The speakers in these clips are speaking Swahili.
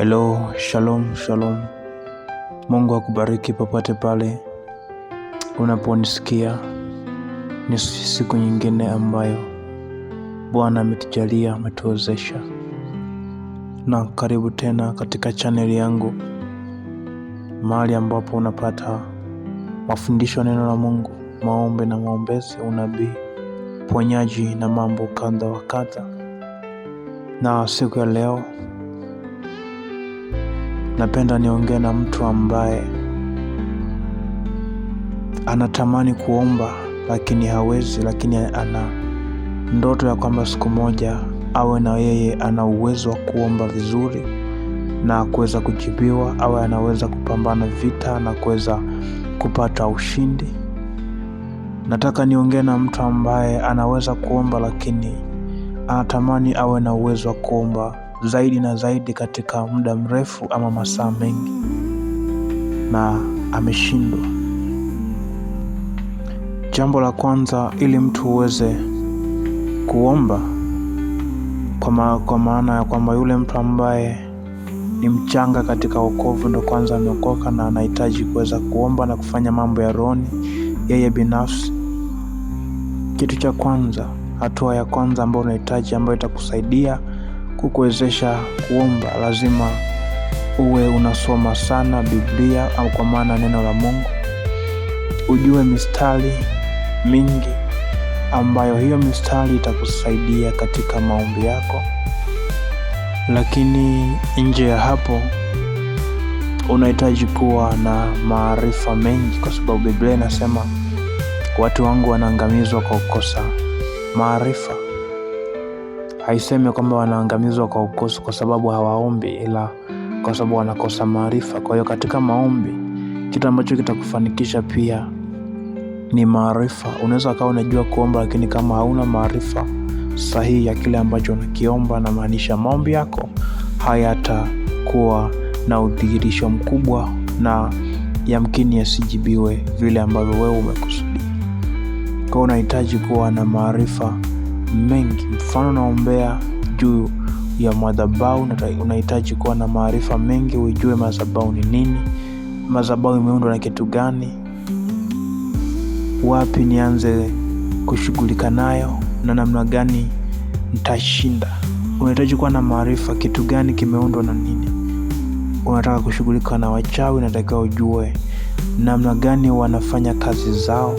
Hello, shalom shalom. Mungu akubariki popote pale unaponisikia. Ni siku nyingine ambayo Bwana ametujalia, ametuwezesha, na karibu tena katika chaneli yangu, mahali ambapo unapata mafundisho neno la Mungu, maombe na maombezi, unabii, ponyaji na mambo kadha wa kadha. Na siku ya leo napenda niongee na mtu ambaye anatamani kuomba lakini hawezi, lakini ana ndoto ya kwamba siku moja awe na yeye ana uwezo wa kuomba vizuri na kuweza kujibiwa, awe anaweza kupambana vita na kuweza kupata ushindi. Nataka niongee na mtu ambaye anaweza kuomba lakini anatamani awe na uwezo wa kuomba zaidi na zaidi katika muda mrefu ama masaa mengi, na ameshindwa. Jambo la kwanza, ili mtu uweze kuomba kwa, ma kwa maana ya kwamba yule mtu ambaye ni mchanga katika wokovu, ndo kwanza ameokoka na anahitaji kuweza kuomba na kufanya mambo ya roni yeye binafsi. Kitu cha kwanza, hatua ya kwanza ambayo unahitaji, ambayo itakusaidia kukuwezesha kuomba lazima uwe unasoma sana Biblia au kwa maana neno la Mungu, ujue mistari mingi ambayo hiyo mistari itakusaidia katika maombi yako. Lakini nje ya hapo unahitaji kuwa na maarifa mengi, kwa sababu Biblia inasema watu wangu wanaangamizwa kwa kukosa maarifa haisemi kwamba wanaangamizwa kwa ukosi kwa sababu hawaombi, ila kwa sababu wanakosa maarifa. Kwa hiyo katika maombi, kitu ambacho kitakufanikisha pia ni maarifa. Unaweza ukawa unajua kuomba, lakini kama hauna maarifa sahihi ya kile ambacho unakiomba, na maanisha maombi yako hayatakuwa na udhihirisho mkubwa na yamkini yasijibiwe vile ambavyo wewe umekusudia. kwao unahitaji kuwa na maarifa mengi. Mfano, naombea juu ya madhabahu, unahitaji kuwa na maarifa mengi, ujue madhabahu ni nini, madhabahu imeundwa na kitu gani, wapi nianze kushughulika nayo na namna gani ntashinda. Unahitaji kuwa na maarifa, kitu gani kimeundwa na nini. Unataka kushughulika na wachawi, unatakiwa ujue namna gani wanafanya kazi zao,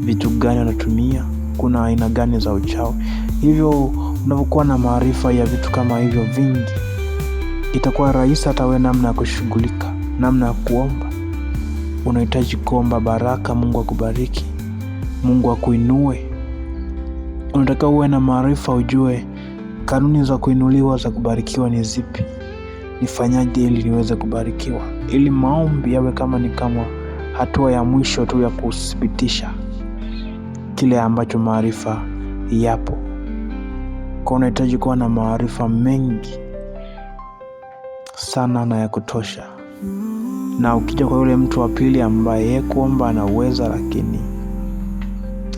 vitu gani wanatumia kuna aina gani za uchawi. Hivyo unapokuwa na maarifa ya vitu kama hivyo vingi, itakuwa rahisi hata wewe namna ya kushughulika, namna ya kuomba. Unahitaji kuomba baraka, Mungu akubariki, Mungu akuinue. Unatakiwa uwe na maarifa, ujue kanuni za kuinuliwa, za kubarikiwa ni zipi, nifanyaje ili niweze kubarikiwa, ili maombi yawe kama ni kama hatua ya mwisho tu ya kuthibitisha kile ambacho maarifa yapo. Kwa unahitaji kuwa na maarifa mengi sana na ya kutosha, na ukija kwa yule mtu wa pili ambaye ye kuomba anaweza, lakini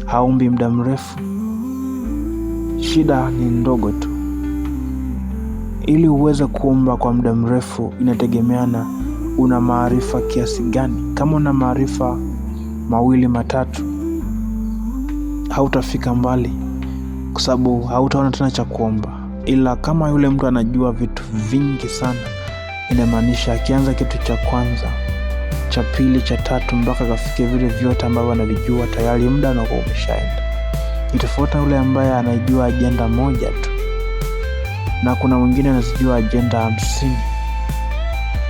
haombi muda mrefu, shida ni ndogo tu. Ili uweze kuomba kwa muda mrefu, inategemeana una maarifa kiasi gani. Kama una maarifa mawili matatu hautafika mbali, kwa sababu hautaona tena cha kuomba. Ila kama yule mtu anajua vitu vingi sana, inamaanisha akianza kitu cha kwanza, cha pili, cha tatu, mpaka akafikia vile vyote ambavyo anavijua tayari, muda unakuwa umeshaenda. itofauti yule ambaye anajua ajenda moja tu, na kuna mwingine anazijua ajenda hamsini.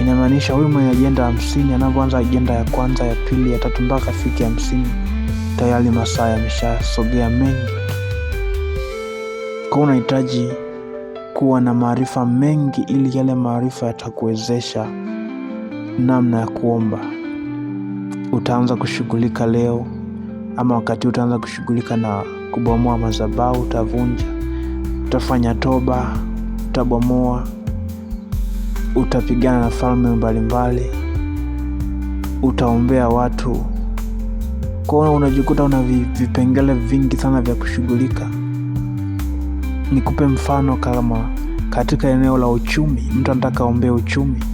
Inamaanisha huyu mwenye ajenda hamsini anavyoanza ajenda ya kwanza, ya pili, ya tatu mpaka afike hamsini tayari masaa yameshasogea mengi, kwa unahitaji kuwa na maarifa mengi, ili yale maarifa yatakuwezesha namna ya kuomba. Utaanza kushughulika leo, ama wakati utaanza kushughulika na kubomoa madhabahu, utavunja, utafanya toba, utabomoa, utapigana na falme mbalimbali, utaombea watu kwa unajikuta una vipengele vingi sana vya kushughulika. Nikupe mfano, kama katika eneo la uchumi, mtu anataka aombee uchumi.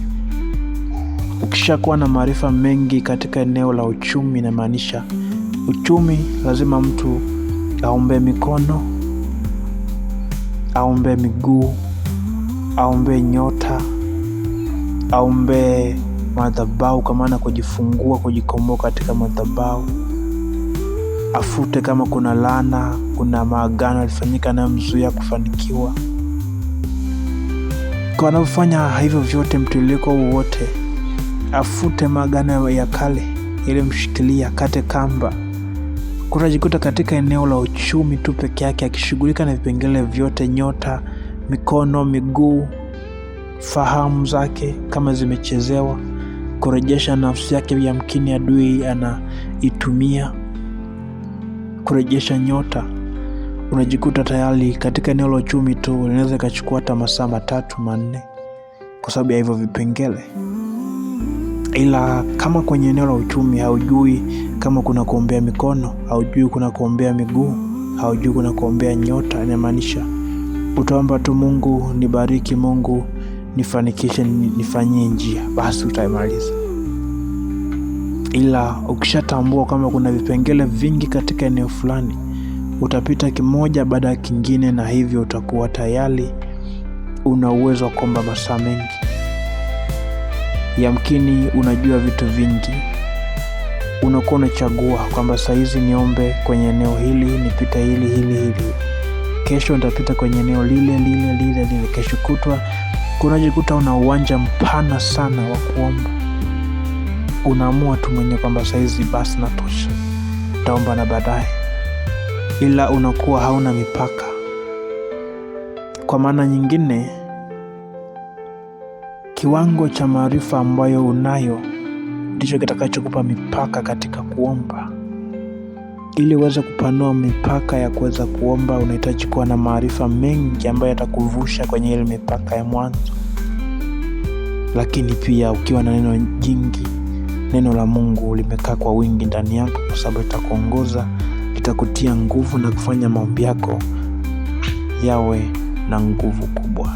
Ukishakuwa na maarifa mengi katika eneo la uchumi, inamaanisha uchumi lazima mtu aombee mikono, aombe miguu, aombe nyota, aombee madhabahu, kwa maana kujifungua, kujikomboa katika madhabahu afute kama kuna lana kuna maagano alifanyika anayomzuia kufanikiwa. Kwa anavyofanya hivyo vyote, mtiririko wowote wote, afute maagano ya kale yaliyomshikilia, kate kamba, kutajikuta katika eneo la uchumi tu peke yake, akishughulika na vipengele vyote: nyota, mikono, miguu, fahamu zake kama zimechezewa, kurejesha nafsi yake, yamkini adui anaitumia kurejesha nyota, unajikuta tayari katika eneo la uchumi tu linaweza ikachukua hata masaa matatu manne, kwa sababu ya hivyo vipengele. Ila kama kwenye eneo la uchumi haujui kama kuna kuombea mikono, haujui kuna kuombea miguu, haujui kuna kuombea nyota, inamaanisha utaomba tu, Mungu nibariki, Mungu nifanikishe, nifanyie njia, basi utaimaliza ila ukishatambua kama kuna vipengele vingi katika eneo fulani, utapita kimoja baada ya kingine, na hivyo utakuwa tayari una uwezo wa kuomba masaa mengi. Yamkini unajua vitu vingi, unakuwa unachagua kwamba sahizi niombe kwenye eneo hili, nipita hili hili hili, kesho nitapita kwenye eneo lile lile lile lile, kesho kutwa. Kunajikuta una uwanja mpana sana wa kuomba unaamua tu mwenyewe kwamba saizi basi natosha, taomba na baadaye, ila unakuwa hauna mipaka. Kwa maana nyingine, kiwango cha maarifa ambayo unayo ndicho kitakachokupa mipaka katika kuomba. Ili uweze kupanua mipaka ya kuweza kuomba, unahitaji kuwa na maarifa mengi ambayo yatakuvusha kwenye ile mipaka ya mwanzo, lakini pia ukiwa na neno jingi Neno la Mungu limekaa kwa wingi ndani yako, kwa sababu litakuongoza, litakutia nguvu na kufanya maombi yako yawe na nguvu kubwa.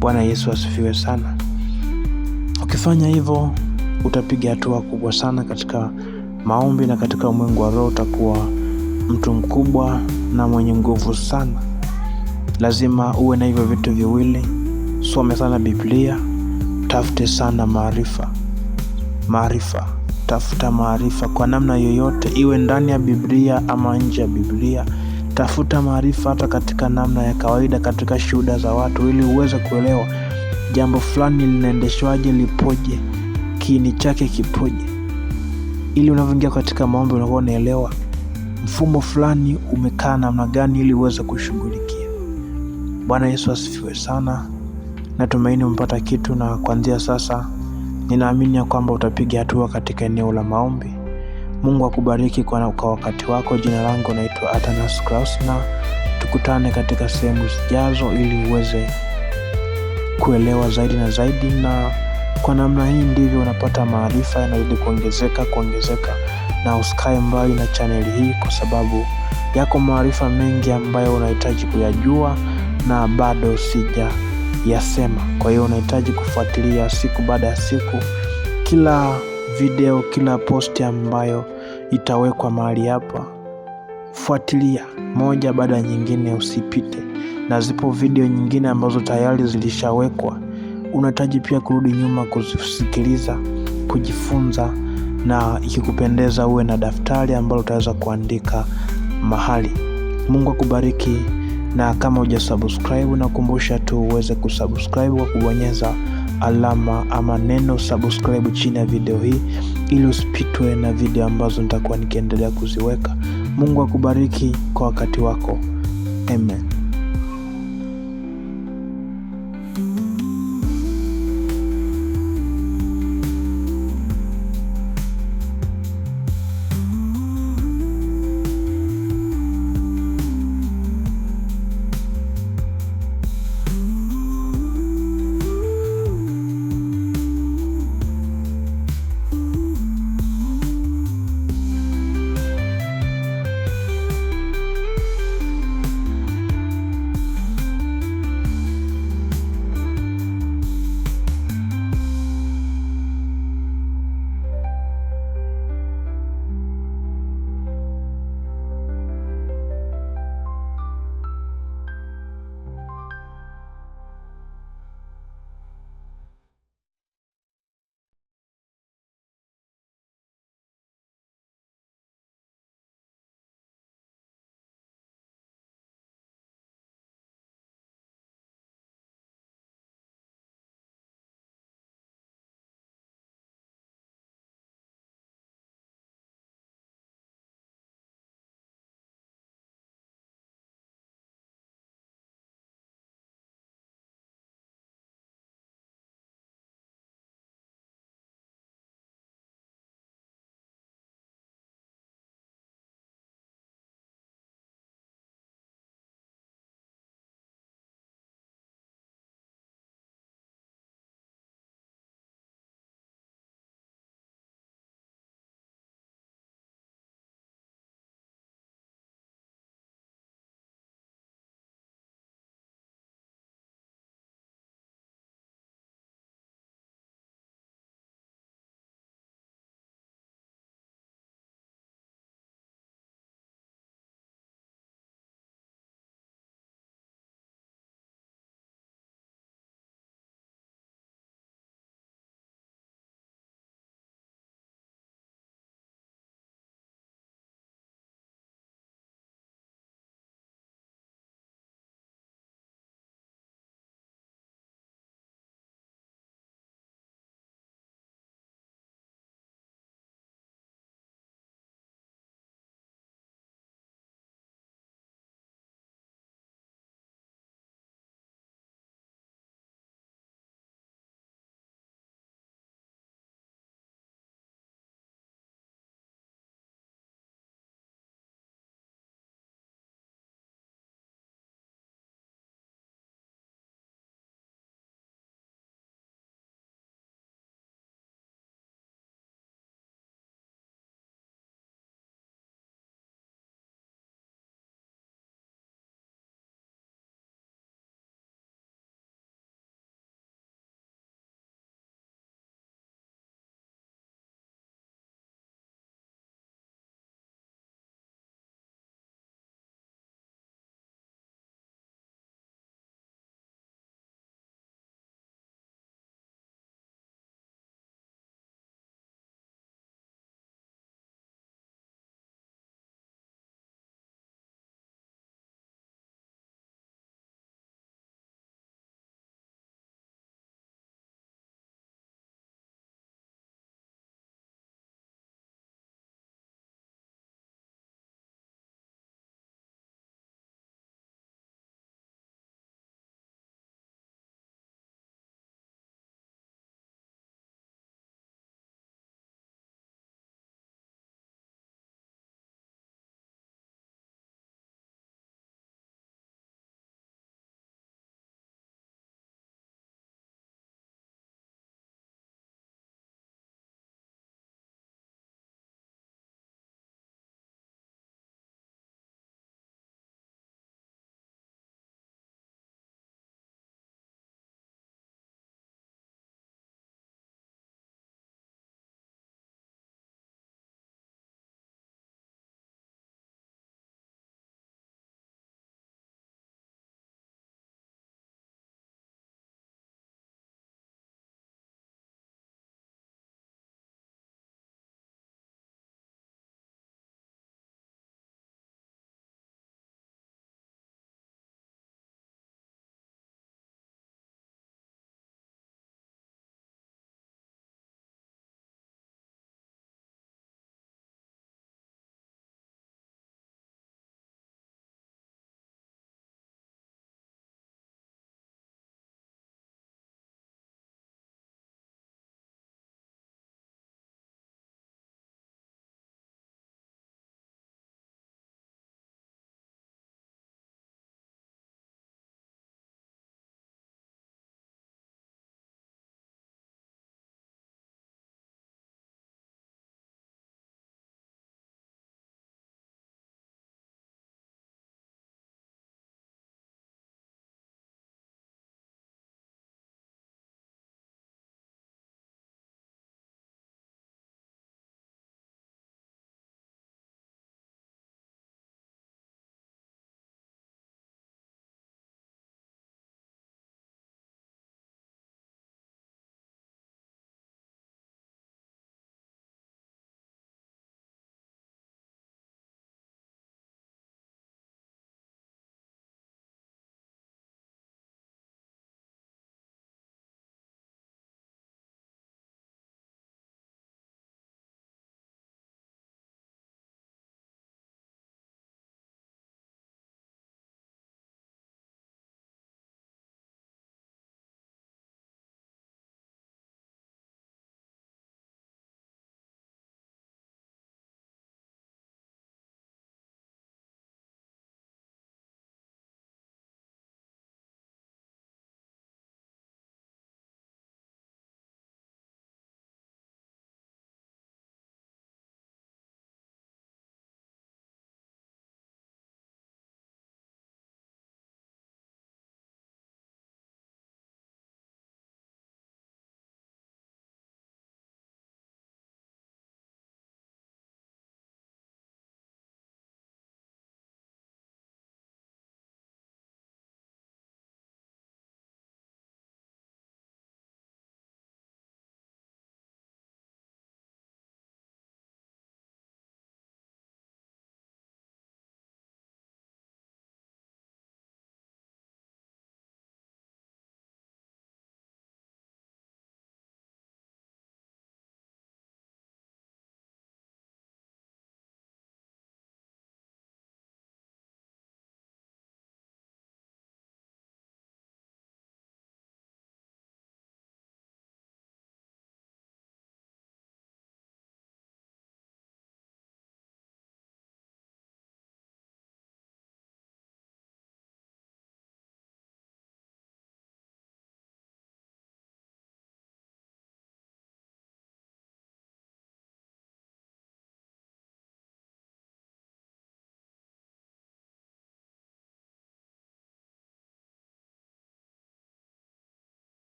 Bwana Yesu asifiwe sana. Ukifanya hivyo, utapiga hatua kubwa sana katika maombi na katika umwengu wa roho. Utakuwa mtu mkubwa na mwenye nguvu sana. Lazima uwe na hivyo vitu viwili: some sana Biblia, tafute sana maarifa maarifa. Tafuta maarifa kwa namna yoyote, iwe ndani ya Biblia ama nje ya Biblia. Tafuta maarifa hata katika namna ya kawaida, katika shuhuda za watu, ili uweze kuelewa jambo fulani linaendeshwaje, lipoje, kiini chake kipoje, ili unavyoingia katika maombi unakuwa unaelewa mfumo fulani umekaa namna gani, ili uweze kushughulikia. Bwana Yesu asifiwe sana. Natumaini umepata kitu, na kuanzia sasa Ninaamini ya kwamba utapiga hatua katika eneo la maombi. Mungu akubariki kwa, kwa wakati wako. Jina langu naitwa Atanas na Tukutane katika sehemu zijazo ili uweze kuelewa zaidi na zaidi, na kwa namna hii ndivyo unapata maarifa yanazidi kuongezeka kuongezeka, na usikae mbali na chaneli hii, kwa sababu yako maarifa mengi ambayo unahitaji kuyajua na bado sija yasema. Kwa hiyo unahitaji kufuatilia siku baada ya siku, kila video, kila posti ambayo itawekwa mahali hapa, fuatilia moja baada ya nyingine, usipite. Na zipo video nyingine ambazo tayari zilishawekwa, unahitaji pia kurudi nyuma kuzisikiliza, kujifunza, na ikikupendeza uwe na daftari ambalo utaweza kuandika mahali. Mungu akubariki na kama hujasubscribe na kumbusha tu uweze kusubscribe kwa kubonyeza alama ama neno subscribe chini ya video hii ili usipitwe na video ambazo nitakuwa nikiendelea kuziweka. Mungu akubariki kwa wakati wako. Amen.